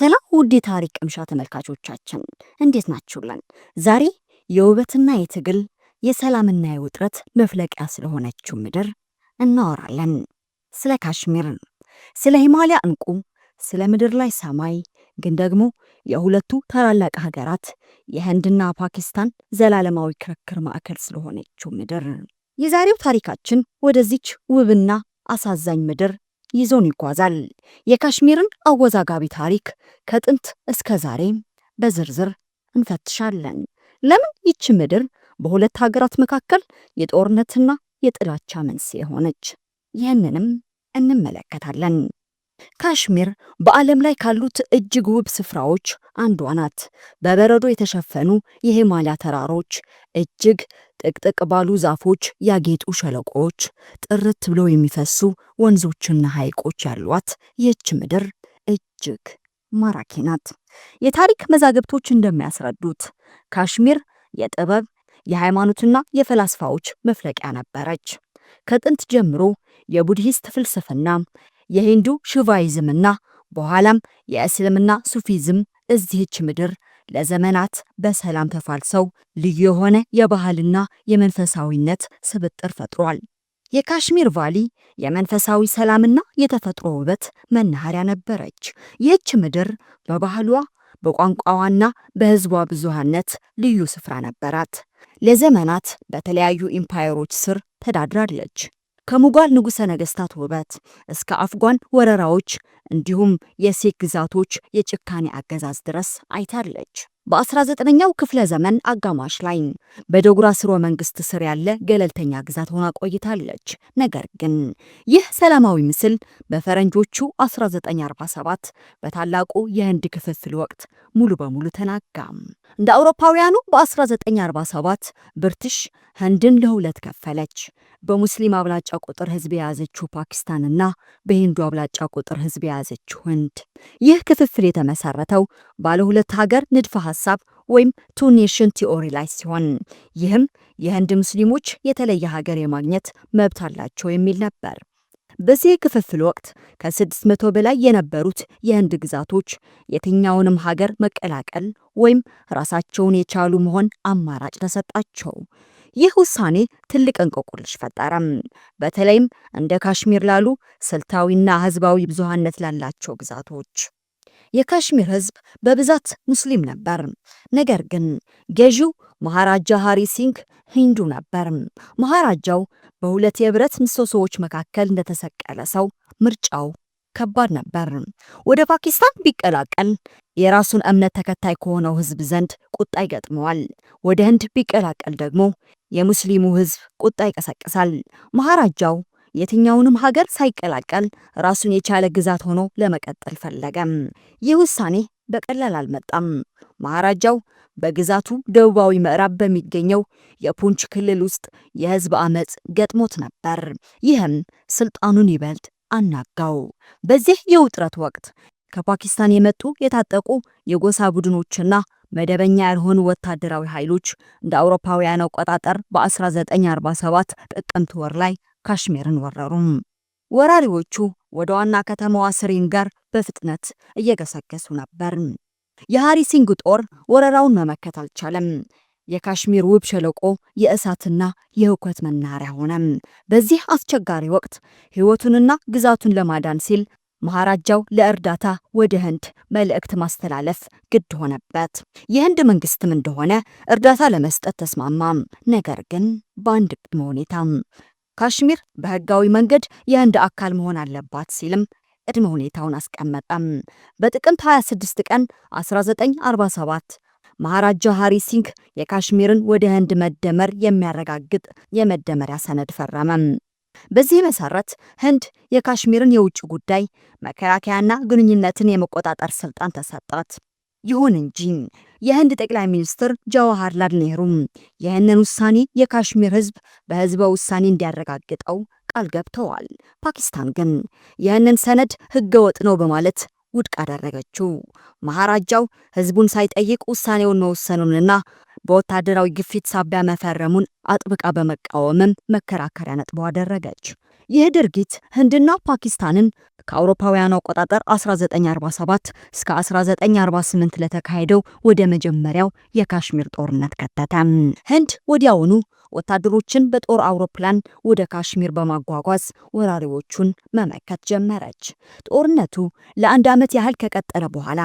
ሰላም ውድ የታሪክ ቅምሻ ተመልካቾቻችን እንዴት ናችሁልን? ዛሬ የውበትና የትግል የሰላምና የውጥረት መፍለቂያ ስለሆነችው ምድር እናወራለን። ስለ ካሽሚር፣ ስለ ሂማሊያ እንቁ፣ ስለ ምድር ላይ ሰማይ ግን ደግሞ የሁለቱ ታላላቅ ሀገራት የህንድና ፓኪስታን ዘላለማዊ ክርክር ማዕከል ስለሆነችው ምድር የዛሬው ታሪካችን ወደዚች ውብና አሳዛኝ ምድር ይዞን ይጓዛል። የካሽሚርን አወዛጋቢ ታሪክ ከጥንት እስከ ዛሬ በዝርዝር እንፈትሻለን። ለምን ይቺ ምድር በሁለት ሀገራት መካከል የጦርነትና የጥላቻ መንስኤ ሆነች? ይህንንም እንመለከታለን። ካሽሚር በዓለም ላይ ካሉት እጅግ ውብ ስፍራዎች አንዷ ናት። በበረዶ የተሸፈኑ የሂማሊያ ተራሮች፣ እጅግ ጥቅጥቅ ባሉ ዛፎች ያጌጡ ሸለቆዎች፣ ጥርት ብለው የሚፈሱ ወንዞችና ሐይቆች ያሏት ይህች ምድር እጅግ ማራኪ ናት። የታሪክ መዛግብቶች እንደሚያስረዱት ካሽሚር የጥበብ የሃይማኖትና የፈላስፋዎች መፍለቂያ ነበረች። ከጥንት ጀምሮ የቡድሂስት ፍልስፍና የሂንዱ ሽቫይዝምና በኋላም የእስልምና ሱፊዝም እዚህች ምድር ለዘመናት በሰላም ተፋልሰው ልዩ የሆነ የባህልና የመንፈሳዊነት ስብጥር ፈጥሯል። የካሽሚር ቫሊ የመንፈሳዊ ሰላምና የተፈጥሮ ውበት መናኸሪያ ነበረች። ይህች ምድር በባህሏ በቋንቋዋና በሕዝቧ ብዙሃነት ልዩ ስፍራ ነበራት። ለዘመናት በተለያዩ ኢምፓየሮች ስር ተዳድራለች። ከሙጋል ንጉሠ ነገሥታት ውበት እስከ አፍጓን ወረራዎች እንዲሁም የሴክ ግዛቶች የጭካኔ አገዛዝ ድረስ አይታለች። በ19ኛው ክፍለ ዘመን አጋማሽ ላይ በዶግራ ስርወ መንግስት ስር ያለ ገለልተኛ ግዛት ሆና ቆይታለች። ነገር ግን ይህ ሰላማዊ ምስል በፈረንጆቹ 1947 በታላቁ የህንድ ክፍፍል ወቅት ሙሉ በሙሉ ተናጋ። እንደ አውሮፓውያኑ በ1947 ብርትሽ ህንድን ለሁለት ከፈለች። በሙስሊም አብላጫ ቁጥር ህዝብ የያዘችው ፓኪስታንና በሂንዱ አብላጫ ቁጥር ህዝብ የያዘችው ህንድ። ይህ ክፍፍል የተመሰረተው ባለ ሁለት ሀገር ንድፈ ሀሳብ ወይም ቱ ኔሽን ቲኦሪ ላይ ሲሆን ይህም የህንድ ሙስሊሞች የተለየ ሀገር የማግኘት መብት አላቸው የሚል ነበር። በዚህ ክፍፍል ወቅት ከ600 በላይ የነበሩት የህንድ ግዛቶች የትኛውንም ሀገር መቀላቀል ወይም ራሳቸውን የቻሉ መሆን አማራጭ ተሰጣቸው። ይህ ውሳኔ ትልቅ እንቆቅልሽ ፈጠረም። በተለይም እንደ ካሽሚር ላሉ ስልታዊና ህዝባዊ ብዙሃነት ላላቸው ግዛቶች የካሽሚር ህዝብ በብዛት ሙስሊም ነበር። ነገር ግን ገዢው መሃራጃ ሃሪ ሲንግ ሂንዱ ነበር። መሃራጃው በሁለት የብረት ምሰሶዎች መካከል እንደተሰቀለ ሰው ምርጫው ከባድ ነበር። ወደ ፓኪስታን ቢቀላቀል የራሱን እምነት ተከታይ ከሆነው ህዝብ ዘንድ ቁጣ ይገጥመዋል። ወደ ህንድ ቢቀላቀል ደግሞ የሙስሊሙ ህዝብ ቁጣ ይቀሰቅሳል። መሃራጃው የትኛውንም ሀገር ሳይቀላቀል ራሱን የቻለ ግዛት ሆኖ ለመቀጠል ፈለገም። ይህ ውሳኔ በቀላል አልመጣም። ማሃራጃው በግዛቱ ደቡባዊ ምዕራብ በሚገኘው የፑንች ክልል ውስጥ የህዝብ አመፅ ገጥሞት ነበር። ይህም ስልጣኑን ይበልጥ አናጋው። በዚህ የውጥረት ወቅት ከፓኪስታን የመጡ የታጠቁ የጎሳ ቡድኖችና መደበኛ ያልሆኑ ወታደራዊ ኃይሎች እንደ አውሮፓውያን አቆጣጠር በ1947 ጥቅምት ወር ላይ ካሽሚርን ወረሩም። ወራሪዎቹ ወደ ዋና ከተማዋ ስሪንገር በፍጥነት እየገሰገሱ ነበር። የሃሪ ሲንግ ጦር ወረራውን መመከት አልቻለም። የካሽሚር ውብ ሸለቆ የእሳትና የሁከት መናሪያ ሆነ። በዚህ አስቸጋሪ ወቅት ሕይወቱንና ግዛቱን ለማዳን ሲል መሃራጃው ለእርዳታ ወደ ህንድ መልእክት ማስተላለፍ ግድ ሆነበት። የህንድ መንግስትም እንደሆነ እርዳታ ለመስጠት ተስማማ። ነገር ግን በአንድ ቅድመ ሁኔታ ካሽሚር በህጋዊ መንገድ የህንድ አካል መሆን አለባት ሲልም ቅድመ ሁኔታውን አስቀመጠም። በጥቅምት 26 ቀን 1947 ማሃራጃ ሃሪ ሲንክ የካሽሚርን ወደ ህንድ መደመር የሚያረጋግጥ የመደመሪያ ሰነድ ፈረመ። በዚህ መሰረት ህንድ የካሽሚርን የውጭ ጉዳይ መከላከያና ግንኙነትን የመቆጣጠር ስልጣን ተሰጣት። ይሁን እንጂ የህንድ ጠቅላይ ሚኒስትር ጃዋሃርላል ኔህሩም ይህንን ውሳኔ የካሽሚር ህዝብ በህዝበ ውሳኔ እንዲያረጋግጠው ቃል ገብተዋል። ፓኪስታን ግን ይህንን ሰነድ ህገወጥ ነው በማለት ውድቅ አደረገችው። መሐራጃው ህዝቡን ሳይጠይቅ ውሳኔውን መወሰኑንና በወታደራዊ ግፊት ሳቢያ መፈረሙን አጥብቃ በመቃወምም መከራከሪያ ነጥቦ አደረገች። ይህ ድርጊት ህንድና ፓኪስታንን ከአውሮፓውያኑ አቆጣጠር 1947 እስከ 1948 ለተካሄደው ወደ መጀመሪያው የካሽሚር ጦርነት ከተተ። ህንድ ወዲያውኑ ወታደሮችን በጦር አውሮፕላን ወደ ካሽሚር በማጓጓዝ ወራሪዎቹን መመከት ጀመረች። ጦርነቱ ለአንድ ዓመት ያህል ከቀጠለ በኋላ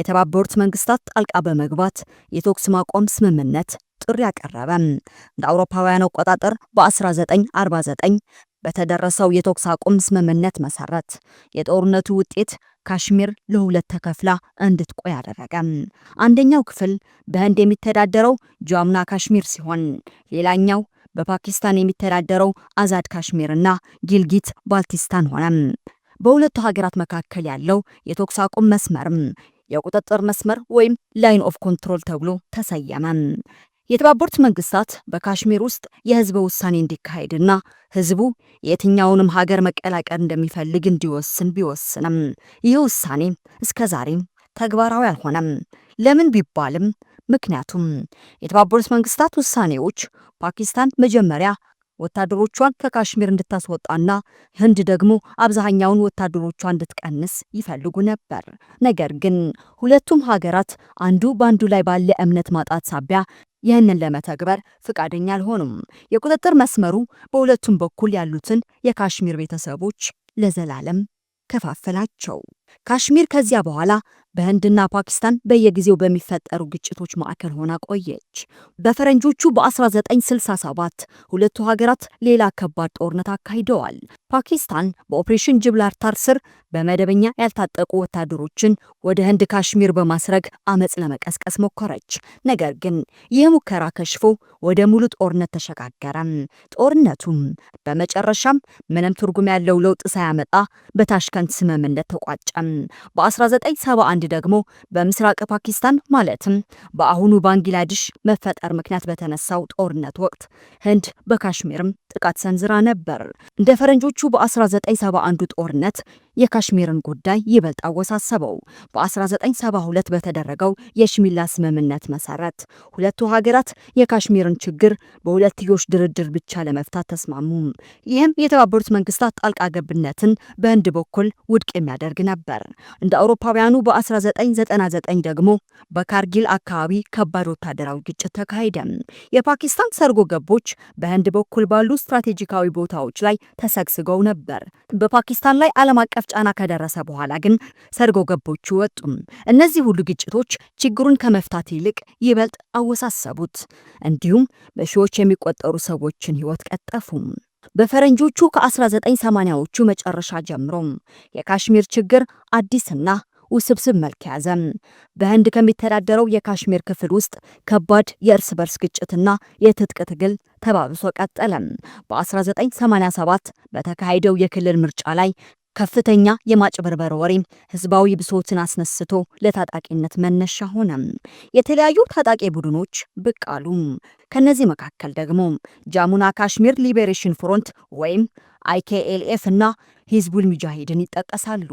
የተባበሩት መንግስታት ጣልቃ በመግባት የተኩስ ማቆም ስምምነት ጥሪ አቀረበ። እንደ አውሮፓውያን አቆጣጠር በ1949 በተደረሰው የተኩስ አቁም ስምምነት መሰረት የጦርነቱ ውጤት ካሽሚር ለሁለት ተከፍላ እንድትቆይ አደረገ። አንደኛው ክፍል በህንድ የሚተዳደረው ጃምና ካሽሚር ሲሆን ሌላኛው በፓኪስታን የሚተዳደረው አዛድ ካሽሚርና ጊልጊት ባልቲስታን ሆነ። በሁለቱ ሀገራት መካከል ያለው የተኩስ አቁም መስመርም የቁጥጥር መስመር ወይም ላይን ኦፍ ኮንትሮል ተብሎ ተሰየመ። የተባበሩት መንግስታት በካሽሚር ውስጥ የህዝብ ውሳኔ እንዲካሄድና ህዝቡ የትኛውንም ሀገር መቀላቀል እንደሚፈልግ እንዲወስን ቢወስንም ይህ ውሳኔ እስከ ዛሬም ተግባራዊ አልሆነም። ለምን ቢባልም ምክንያቱም የተባበሩት መንግስታት ውሳኔዎች ፓኪስታን መጀመሪያ ወታደሮቿን ከካሽሚር እንድታስወጣና ህንድ ደግሞ አብዛኛውን ወታደሮቿ እንድትቀንስ ይፈልጉ ነበር። ነገር ግን ሁለቱም ሀገራት አንዱ በአንዱ ላይ ባለ እምነት ማጣት ሳቢያ ይህንን ለመተግበር ፍቃደኛ አልሆኑም። የቁጥጥር መስመሩ በሁለቱም በኩል ያሉትን የካሽሚር ቤተሰቦች ለዘላለም ከፋፈላቸው። ካሽሚር ከዚያ በኋላ በህንድና ፓኪስታን በየጊዜው በሚፈጠሩ ግጭቶች ማዕከል ሆና ቆየች። በፈረንጆቹ በ1967 ሁለቱ ሀገራት ሌላ ከባድ ጦርነት አካሂደዋል። ፓኪስታን በኦፕሬሽን ጅብላርታር ስር በመደበኛ ያልታጠቁ ወታደሮችን ወደ ህንድ ካሽሚር በማስረግ አመፅ ለመቀስቀስ ሞከረች። ነገር ግን ይህ ሙከራ ከሽፎ ወደ ሙሉ ጦርነት ተሸጋገረ። ጦርነቱም በመጨረሻም ምንም ትርጉም ያለው ለውጥ ሳያመጣ በታሽከንት ስምምነት ተቋጨ። በ1971 ደግሞ በምስራቅ ፓኪስታን ማለትም በአሁኑ ባንግላዴሽ መፈጠር ምክንያት በተነሳው ጦርነት ወቅት ህንድ በካሽሚርም ጥቃት ሰንዝራ ነበር። እንደ ፈረንጆቹ በ1971 ጦርነት የካሽሚርን ጉዳይ ይበልጥ አወሳሰበው። በ1972 በተደረገው የሽሚላ ስምምነት መሰረት ሁለቱ ሀገራት የካሽሚርን ችግር በሁለትዮሽ ድርድር ብቻ ለመፍታት ተስማሙ። ይህም የተባበሩት መንግስታት ጣልቃ ገብነትን በህንድ በኩል ውድቅ የሚያደርግ ነበር። እንደ አውሮፓውያኑ በ1999 ደግሞ በካርጊል አካባቢ ከባድ ወታደራዊ ግጭት ተካሄደ። የፓኪስታን ሰርጎ ገቦች በህንድ በኩል ባሉ ስትራቴጂካዊ ቦታዎች ላይ ተሰግስገው ነበር። በፓኪስታን ላይ ዓለም አቀፍ ጫና ከደረሰ በኋላ ግን ሰርጎ ገቦቹ ወጡም። እነዚህ ሁሉ ግጭቶች ችግሩን ከመፍታት ይልቅ ይበልጥ አወሳሰቡት፣ እንዲሁም በሺዎች የሚቆጠሩ ሰዎችን ሕይወት ቀጠፉም። በፈረንጆቹ ከ1980ዎቹ መጨረሻ ጀምሮ የካሽሚር ችግር አዲስና ውስብስብ መልክ ያዘ። በህንድ ከሚተዳደረው የካሽሚር ክፍል ውስጥ ከባድ የእርስ በርስ ግጭትና የትጥቅ ትግል ተባብሶ ቀጠለም። በ1987 በተካሄደው የክልል ምርጫ ላይ ከፍተኛ የማጭበርበር ወሬ ህዝባዊ ብሶትን አስነስቶ ለታጣቂነት መነሻ ሆነ። የተለያዩ ታጣቂ ቡድኖች ብቅ አሉ። ከነዚህ መካከል ደግሞ ጃሙና ካሽሚር ሊቤሬሽን ፍሮንት ወይም አይኬኤልኤፍ እና ሂዝቡል ሙጃሂድን ይጠቀሳሉ።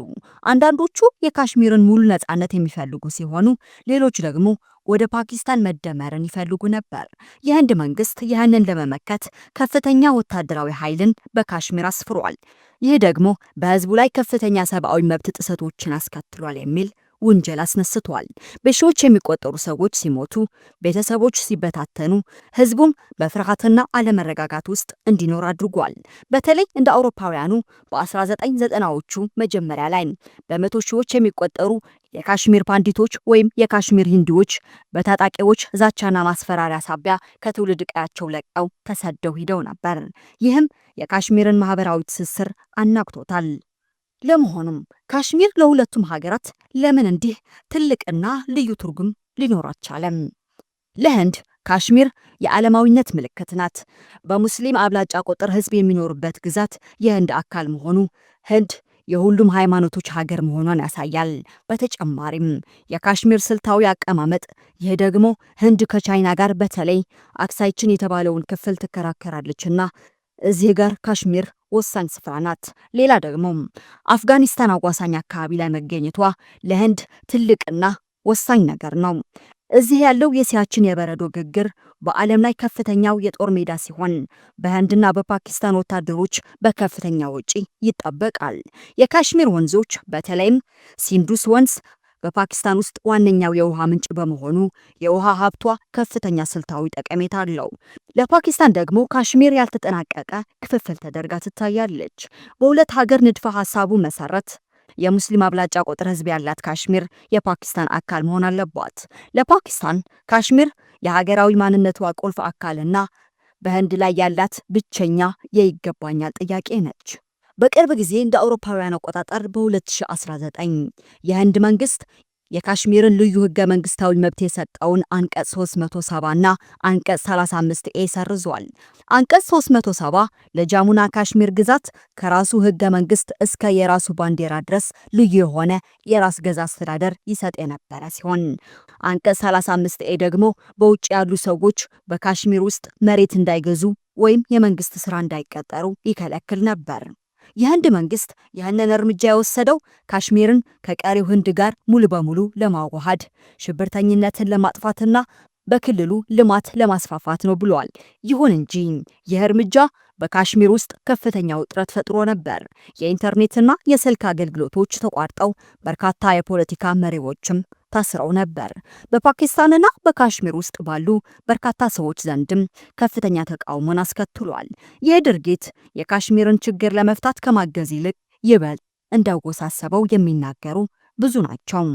አንዳንዶቹ የካሽሚርን ሙሉ ነፃነት የሚፈልጉ ሲሆኑ፣ ሌሎች ደግሞ ወደ ፓኪስታን መደመርን ይፈልጉ ነበር። የህንድ መንግስት ይህንን ለመመከት ከፍተኛ ወታደራዊ ኃይልን በካሽሚር አስፍሯል። ይህ ደግሞ በህዝቡ ላይ ከፍተኛ ሰብአዊ መብት ጥሰቶችን አስከትሏል የሚል ውንጀል አስነስቷል። በሺዎች የሚቆጠሩ ሰዎች ሲሞቱ፣ ቤተሰቦች ሲበታተኑ፣ ህዝቡም በፍርሃትና አለመረጋጋት ውስጥ እንዲኖር አድርጓል። በተለይ እንደ አውሮፓውያኑ በ1990ዎቹ መጀመሪያ ላይ በመቶ ሺዎች የሚቆጠሩ የካሽሚር ፓንዲቶች ወይም የካሽሚር ሂንዱዎች በታጣቂዎች ዛቻና ማስፈራሪያ ሳቢያ ከትውልድ ቀያቸው ለቀው ተሰደው ሂደው ነበር። ይህም የካሽሚርን ማህበራዊ ትስስር አናግቶታል። ለመሆኑም ካሽሚር ለሁለቱም ሀገራት ለምን እንዲህ ትልቅና ልዩ ትርጉም ሊኖራት ቻለም? ለህንድ ካሽሚር የዓለማዊነት ምልክት ናት። በሙስሊም አብላጫ ቁጥር ህዝብ የሚኖርበት ግዛት የህንድ አካል መሆኑ ህንድ የሁሉም ሃይማኖቶች ሀገር መሆኗን ያሳያል። በተጨማሪም የካሽሚር ስልታዊ አቀማመጥ፣ ይህ ደግሞ ህንድ ከቻይና ጋር በተለይ አክሳይችን የተባለውን ክፍል ትከራከራለችና እዚህ ጋር ካሽሚር ወሳኝ ስፍራ ናት። ሌላ ደግሞ አፍጋኒስታን አዋሳኝ አካባቢ ላይ መገኘቷ ለህንድ ትልቅና ወሳኝ ነገር ነው። እዚህ ያለው የሲያችን የበረዶ ግግር በዓለም ላይ ከፍተኛው የጦር ሜዳ ሲሆን በህንድና በፓኪስታን ወታደሮች በከፍተኛ ወጪ ይጠበቃል። የካሽሚር ወንዞች በተለይም ሲንዱስ ወንዝ በፓኪስታን ውስጥ ዋነኛው የውሃ ምንጭ በመሆኑ የውሃ ሀብቷ ከፍተኛ ስልታዊ ጠቀሜታ አለው። ለፓኪስታን ደግሞ ካሽሚር ያልተጠናቀቀ ክፍፍል ተደርጋ ትታያለች። በሁለት ሀገር ንድፈ ሀሳቡ መሰረት የሙስሊም አብላጫ ቁጥር ህዝብ ያላት ካሽሚር የፓኪስታን አካል መሆን አለባት። ለፓኪስታን ካሽሚር የሀገራዊ ማንነቷ ቁልፍ አካልና በህንድ ላይ ያላት ብቸኛ የይገባኛል ጥያቄ ነች። በቅርብ ጊዜ እንደ አውሮፓውያን አቆጣጠር በ2019 የህንድ መንግስት የካሽሚርን ልዩ ህገ መንግስታዊ መብት የሰጠውን አንቀጽ 370 እና አንቀጽ 35 ኤ ሰርዟል። አንቀጽ 370 ለጃሙና ካሽሚር ግዛት ከራሱ ህገ መንግስት እስከ የራሱ ባንዲራ ድረስ ልዩ የሆነ የራስ ገዛ አስተዳደር ይሰጥ የነበረ ሲሆን አንቀጽ 35 ኤ ደግሞ በውጭ ያሉ ሰዎች በካሽሚር ውስጥ መሬት እንዳይገዙ ወይም የመንግስት ስራ እንዳይቀጠሩ ይከለክል ነበር። የህንድ መንግስት ይህንን እርምጃ የወሰደው ካሽሚርን ከቀሪው ህንድ ጋር ሙሉ በሙሉ ለማዋሃድ ሽብርተኝነትን ለማጥፋትና በክልሉ ልማት ለማስፋፋት ነው ብሏል ይሁን እንጂ ይህ እርምጃ በካሽሚር ውስጥ ከፍተኛ ውጥረት ፈጥሮ ነበር። የኢንተርኔትና የስልክ አገልግሎቶች ተቋርጠው በርካታ የፖለቲካ መሪዎችም ታስረው ነበር። በፓኪስታንና በካሽሚር ውስጥ ባሉ በርካታ ሰዎች ዘንድም ከፍተኛ ተቃውሞን አስከትሏል። ይህ ድርጊት የካሽሚርን ችግር ለመፍታት ከማገዝ ይልቅ ይበልጥ እንዳወሳሰበው የሚናገሩ ብዙ ናቸው።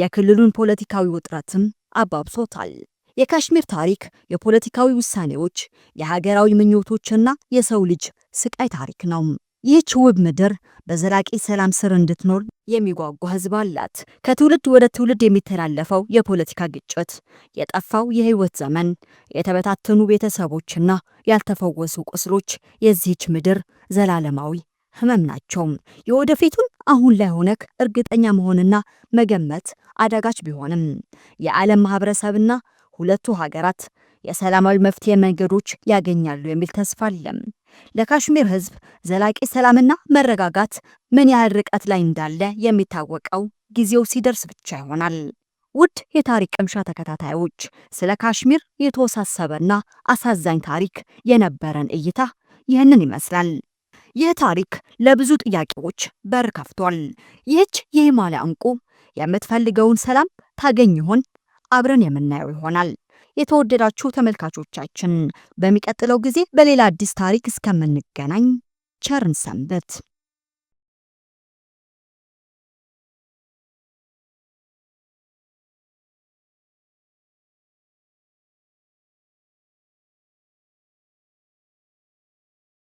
የክልሉን ፖለቲካዊ ውጥረትም አባብሶታል። የካሽሚር ታሪክ የፖለቲካዊ ውሳኔዎች፣ የሀገራዊ ምኞቶችና የሰው ልጅ ስቃይ ታሪክ ነው። ይህች ውብ ምድር በዘላቂ ሰላም ስር እንድትኖር የሚጓጓ ህዝብ አላት። ከትውልድ ወደ ትውልድ የሚተላለፈው የፖለቲካ ግጭት፣ የጠፋው የህይወት ዘመን፣ የተበታተኑ ቤተሰቦችና ያልተፈወሱ ቁስሎች የዚህች ምድር ዘላለማዊ ህመም ናቸው። የወደፊቱን አሁን ላይ ሆነክ እርግጠኛ መሆንና መገመት አዳጋች ቢሆንም የዓለም ማህበረሰብና ሁለቱ ሀገራት የሰላማዊ መፍትሄ መንገዶች ያገኛሉ የሚል ተስፋ አለም። ለካሽሚር ህዝብ ዘላቂ ሰላምና መረጋጋት ምን ያህል ርቀት ላይ እንዳለ የሚታወቀው ጊዜው ሲደርስ ብቻ ይሆናል። ውድ የታሪክ ቅምሻ ተከታታዮች ስለ ካሽሚር የተወሳሰበና አሳዛኝ ታሪክ የነበረን እይታ ይህንን ይመስላል። ይህ ታሪክ ለብዙ ጥያቄዎች በር ከፍቷል። ይህች የሂማሊያ እንቁ የምትፈልገውን ሰላም ታገኝ ይሆን? አብረን የምናየው ይሆናል። የተወደዳችሁ ተመልካቾቻችን፣ በሚቀጥለው ጊዜ በሌላ አዲስ ታሪክ እስከምንገናኝ ቸርን ሰንበት።